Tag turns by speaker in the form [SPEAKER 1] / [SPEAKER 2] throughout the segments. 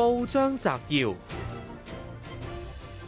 [SPEAKER 1] 報章摘要：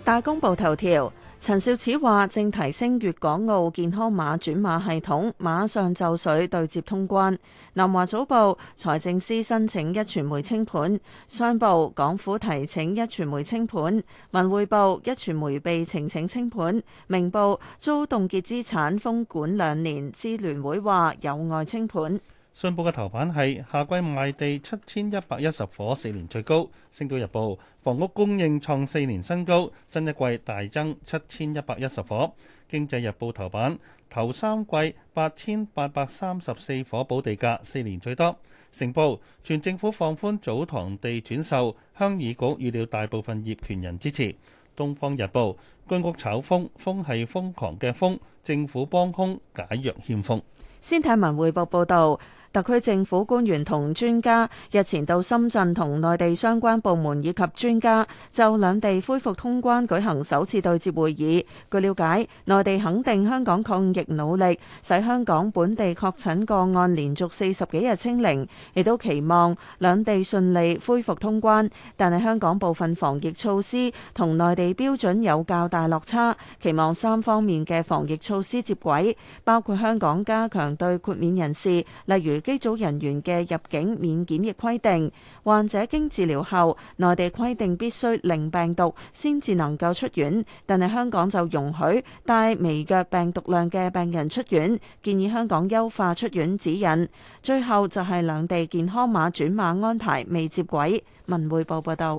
[SPEAKER 1] 大公報頭條，陳肇始話正提升粵港澳健康碼轉碼系統，馬上就緒對接通關。南華早報，財政司申請一傳媒清盤。商報，港府提請一傳媒清盤。文匯報，一傳媒被呈請清盤。明報遭凍結資產封管兩年，支聯會話有礙清盤。
[SPEAKER 2] 信報嘅頭版係夏季賣地七千一百一十夥，四年最高。星島日報，房屋供應創四年新高，新一季大增七千一百一十夥。經濟日報頭版，頭三季八千八百三十四夥補地價，四年最多。成報，全政府放寬祖堂地轉售，鄉議局預料大部分業權人支持。東方日報，居屋炒風，風係瘋狂嘅風，政府幫兇，解約欠風。
[SPEAKER 1] 先睇文匯報報道。」特區政府官員同專家日前到深圳同內地相關部門以及專家就兩地恢復通關舉行首次對接會議。據了解，內地肯定香港抗疫努力，使香港本地確診個案連續四十幾日清零，亦都期望兩地順利恢復通關。但係香港部分防疫措施同內地標準有較大落差，期望三方面嘅防疫措施接軌，包括香港加強對豁免人士，例如機組人員嘅入境免檢疫規定，患者經治療後，內地規定必須零病毒先至能夠出院，但係香港就容許帶微弱病毒量嘅病人出院，建議香港優化出院指引。最後就係兩地健康碼轉碼安排未接軌。文匯報報道。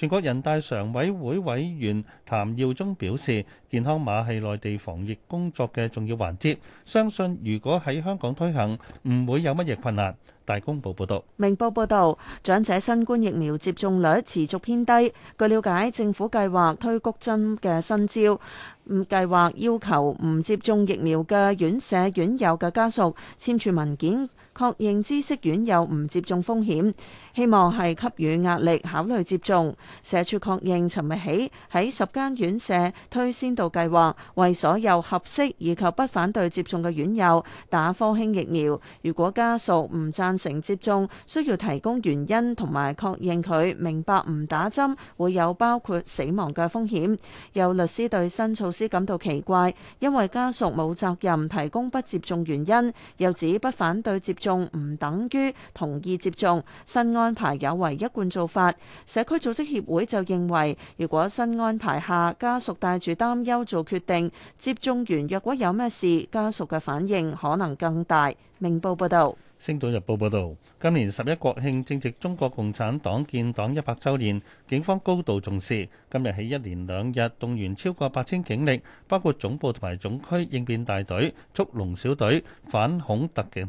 [SPEAKER 2] 全國人大常委會委員譚耀宗表示，健康碼係內地防疫工作嘅重要環節，相信如果喺香港推行，唔會有乜嘢困難。大公報報道，
[SPEAKER 1] 明報報道，長者新冠疫苗接種率持續偏低。據了解，政府計劃推谷針嘅新招，唔計劃要求唔接種疫苗嘅院舍院友嘅家屬簽署文件。確認知識院友唔接種風險，希望係給予壓力考慮接種。社署確認，尋日起喺十間院舍推先導計劃，為所有合適以及不反對接種嘅院友打科興疫苗。如果家屬唔贊成接種，需要提供原因同埋確認佢明白唔打針會有包括死亡嘅風險。有律師對新措施感到奇怪，因為家屬冇責任提供不接種原因，又指不反對接種仲唔等於同意接種新安排，有違一貫做法。社區組織協會就認為，如果新安排下家屬帶住擔憂做決定，接種完若果有咩事，家屬嘅反應可能更大。明報報導。
[SPEAKER 2] 《星島日報》報導，今年十一國慶正值中國共產黨建黨一百週年，警方高度重視，今日起一連兩日動員超過八千警力，包括總部同埋總區應變大隊、速龍小隊、反恐特警。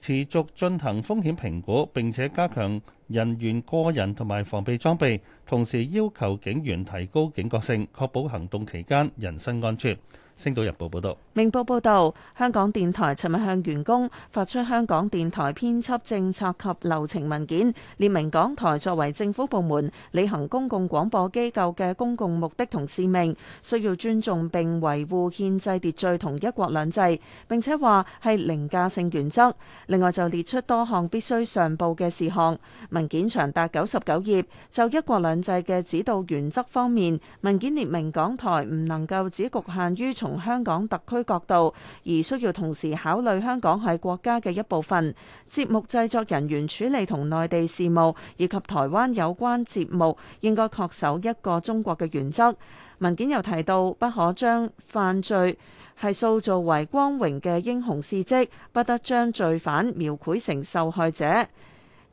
[SPEAKER 2] 持續進行風險評估，並且加強人員個人同埋防備裝備，同時要求警員提高警覺性，確保行動期間人身安全。星島日報報導，
[SPEAKER 1] 明報報導，香港電台尋日向員工發出香港電台編輯政策及流程文件，列明港台作為政府部門，履行公共廣播機構嘅公共目的同使命，需要尊重並維護憲制秩序同一國兩制。並且話係凌駕性原則。另外就列出多項必須上報嘅事項，文件長達九十九頁。就一國兩制嘅指導原則方面，文件列明港台唔能夠只局限於從從香港特區角度，而需要同時考慮香港係國家嘅一部分。節目製作人員處理同內地事務以及台灣有關節目，應該確守一個中國嘅原則。文件又提到，不可將犯罪係塑造為光榮嘅英雄事蹟，不得將罪犯描繪成受害者。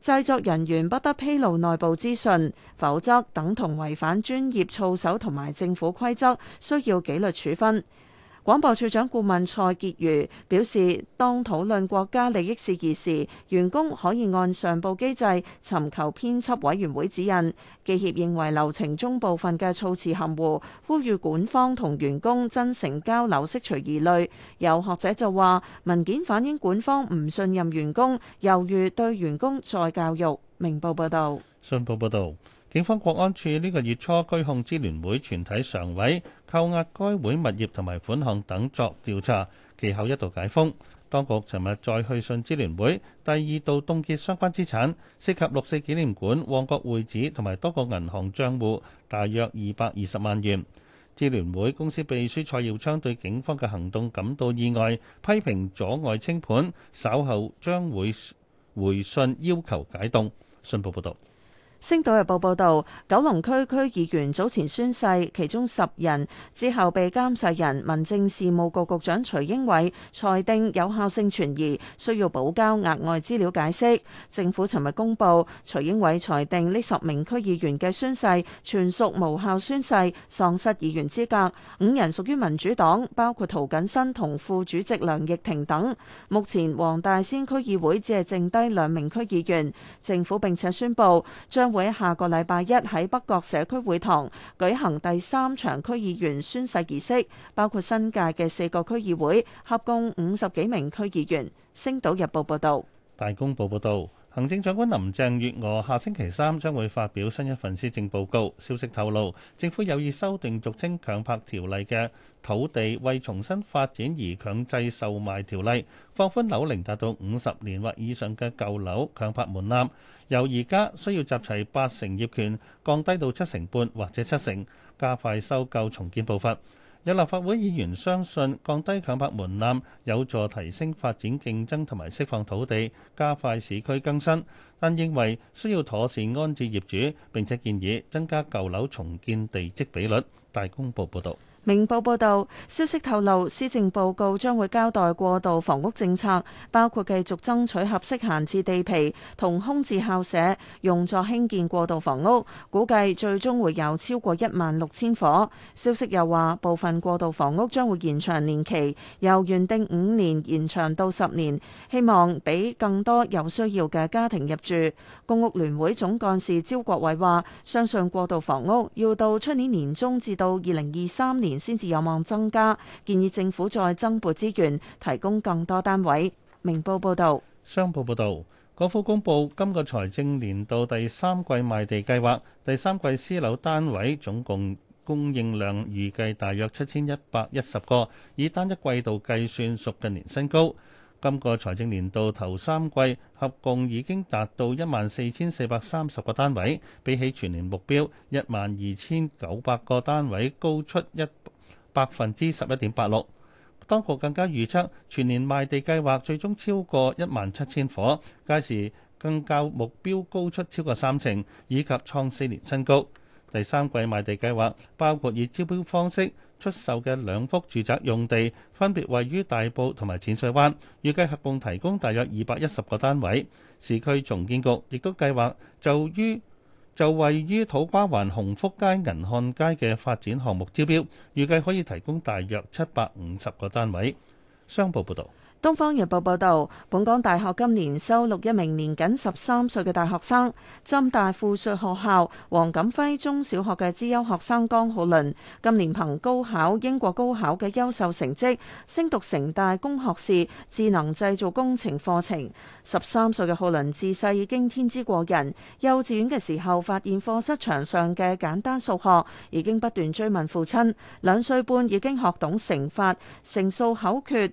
[SPEAKER 1] 製作人員不得披露內部資訊，否則等同違反專業操守同埋政府規則，需要紀律處分。廣播處長顧問蔡潔如表示，當討論國家利益事宜時，員工可以按上報機制尋求編輯委員會指引。記協認為流程中部分嘅措辭含糊，呼籲管方同員工真誠交流，釋除疑慮。有學者就話，文件反映管方唔信任員工，猶豫對員工再教育。明報報道：
[SPEAKER 2] 信報報導，警方國安處呢個月初拘控支聯會全體常委。扣押該會物業同埋款項等作調查，其後一度解封。當局尋日再去信支聯會，第二度凍結相關資產，涉及六四紀念館、旺角會址同埋多個銀行帳戶，大約二百二十萬元。支聯會公司秘書蔡耀昌對警方嘅行動感到意外，批評阻礙清盤，稍後將會回信要求解凍。信報報道。
[SPEAKER 1] 星島日報報道，九龍區區議員早前宣誓，其中十人之後被監誓人民政事務局局長徐英偉裁定有效性存疑，需要補交額外資料解釋。政府尋日公布，徐英偉裁定呢十名區議員嘅宣誓全屬無效宣誓，喪失議員資格。五人屬於民主黨，包括涂謹申同副主席梁亦婷等。目前黃大仙區議會只係剩低兩名區議員。政府並且宣布將會喺下個禮拜一喺北角社區會堂舉行第三場區議員宣誓儀式，包括新界嘅四個區議會，合共五十幾名區議員。星島日報報道。
[SPEAKER 2] 大公報報道。行政長官林鄭月娥下星期三將會發表新一份施政報告，消息透露政府有意修訂俗稱強拍條例嘅土地為重新發展而強制售賣條例，放寬樓齡達到五十年或以上嘅舊樓強拍門檻，由而家需要集齊八成業權降低到七成半或者七成，加快收購重建步伐。有立法會議員相信降低強拍門檻有助提升發展競爭同埋釋放土地，加快市區更新，但認為需要妥善安置業主，並且建議增加舊樓重建地積比率。大公報報導。
[SPEAKER 1] 明報報道，消息透露，施政報告將會交代過渡房屋政策，包括繼續爭取合適閒置地皮同空置校舍用作興建過渡房屋，估計最終會有超過一萬六千伙。消息又話，部分過渡房屋將會延長年期，由原定五年延長到十年，希望俾更多有需要嘅家庭入住。公屋聯會總幹事招國偉話，相信過渡房屋要到出年年中至到二零二三年，先至有望增加，建議政府再增撥資源，提供更多單位。明
[SPEAKER 2] 報報道，商報報道，港府公布今個財政年度第三季賣地計劃，第三季私樓單位總共供應量預計大約七千一百一十個，以單一季度計算屬近年新高。今個財政年度頭三季合共已經達到一萬四千四百三十個單位，比起全年目標一萬二千九百個單位高出一。百分之十一點八六，當局更加預測全年賣地計劃最終超過一萬七千伙，屆時更較目標高出超過三成，以及創四年新高。第三季賣地計劃包括以招標方式出售嘅兩幅住宅用地，分別位於大埔同埋淺水灣，預計合共提供大約二百一十個單位。市區重建局亦都計劃就於。就位於土瓜灣鴻福街銀漢街嘅發展項目招標，預計可以提供大約七百五十個單位。商報報導。
[SPEAKER 1] 《東方日報》報導，本港大學今年收錄一名年僅十三歲嘅大學生，浸大附屬學校黃錦輝中小學嘅資優學生江浩倫，今年憑高考、英國高考嘅優秀成績，升讀城大工學士智能製造工程課程。十三歲嘅浩倫自細已經天資過人，幼稚園嘅時候發現課室牆上嘅簡單數學，已經不斷追問父親，兩歲半已經學懂乘法乘數口訣。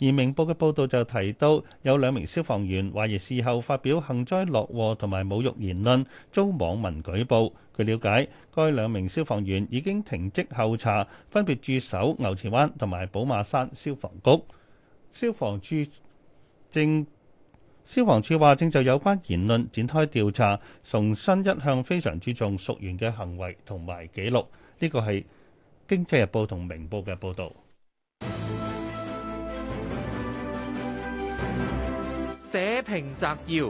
[SPEAKER 2] 而明報嘅報道就提到，有兩名消防員懷疑事後發表幸災樂禍同埋侮辱言論遭網民舉報，據了解，該兩名消防員已經停職候查，分別駐守牛池灣同埋寶馬山消防局。消防處正消防處話，正就有關言論展開調查，重新一向非常注重屬員嘅行為同埋記錄，呢個係經濟日報同明報嘅報道。社評摘要：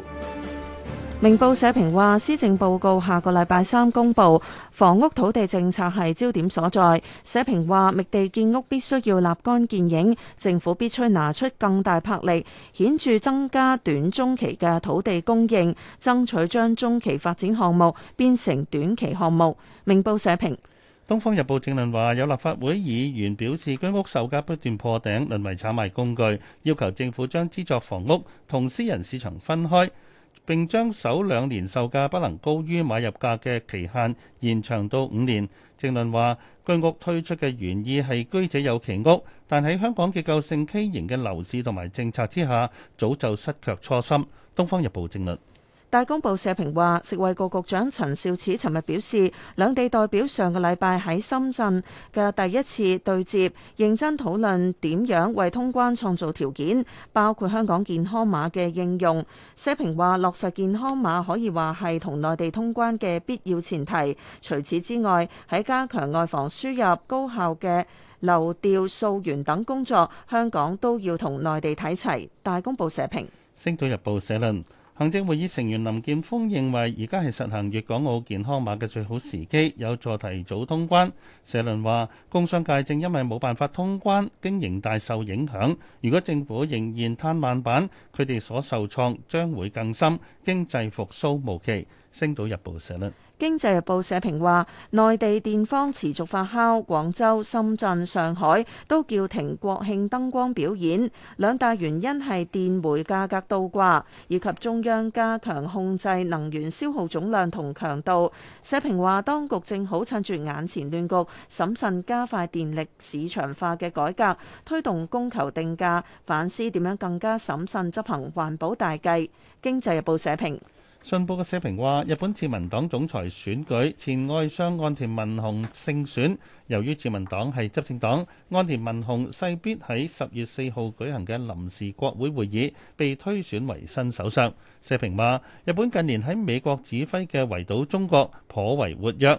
[SPEAKER 1] 明報社評話，施政報告下個禮拜三公佈，房屋土地政策係焦點所在。社評話，覓地建屋必須要立竿見影，政府必須拿出更大魄力，顯著增加短中期嘅土地供應，爭取將中期發展項目變成短期項目。明報社評。
[SPEAKER 2] 《東方日報》正論話，有立法會議員表示，居屋售價不斷破頂，淪為炒賣工具，要求政府將資助房屋同私人市場分開，並將首兩年售價不能高於買入價嘅期限延長到五年。正論話，居屋推出嘅原意係居者有其屋，但喺香港結構性畸形嘅樓市同埋政策之下，早就失卻初心。《東方日報》正論。
[SPEAKER 1] 大公報社評話，食衞局局長陳肇始尋日表示，兩地代表上個禮拜喺深圳嘅第一次對接，認真討論點樣為通關創造條件，包括香港健康碼嘅應用。社評話，落實健康碼可以話係同內地通關嘅必要前提。除此之外，喺加強外防輸入、高效嘅流調溯源等工作，香港都要同內地睇齊。大公報社評，
[SPEAKER 2] 《星島日報》社論。行政會議成員林健鋒認為，而家係實行粵港澳健康碼嘅最好時機，有助提早通關。社論話：工商界正因為冇辦法通關，經營大受影響。如果政府仍然攤慢板，佢哋所受創將會更深。經濟復甦無期。星島日報社論。
[SPEAKER 1] 經濟日報社評話，內地電荒持續發酵，廣州、深圳、上海都叫停國慶燈光表演。兩大原因係電煤價格倒掛，以及中央加強控制能源消耗總量同強度。社評話，當局正好趁住眼前亂局，審慎加快電力市場化嘅改革，推動供求定價，反思點樣更加審慎執行環保大計。經濟日報社評。
[SPEAKER 2] 信報嘅社評話：日本自民黨總裁選舉，前外相岸田文雄勝選。由於自民黨係執政黨，岸田文雄勢必喺十月四號舉行嘅臨時國會會議被推選為新首相。社評話：日本近年喺美國指揮嘅圍堵中國，頗為活躍。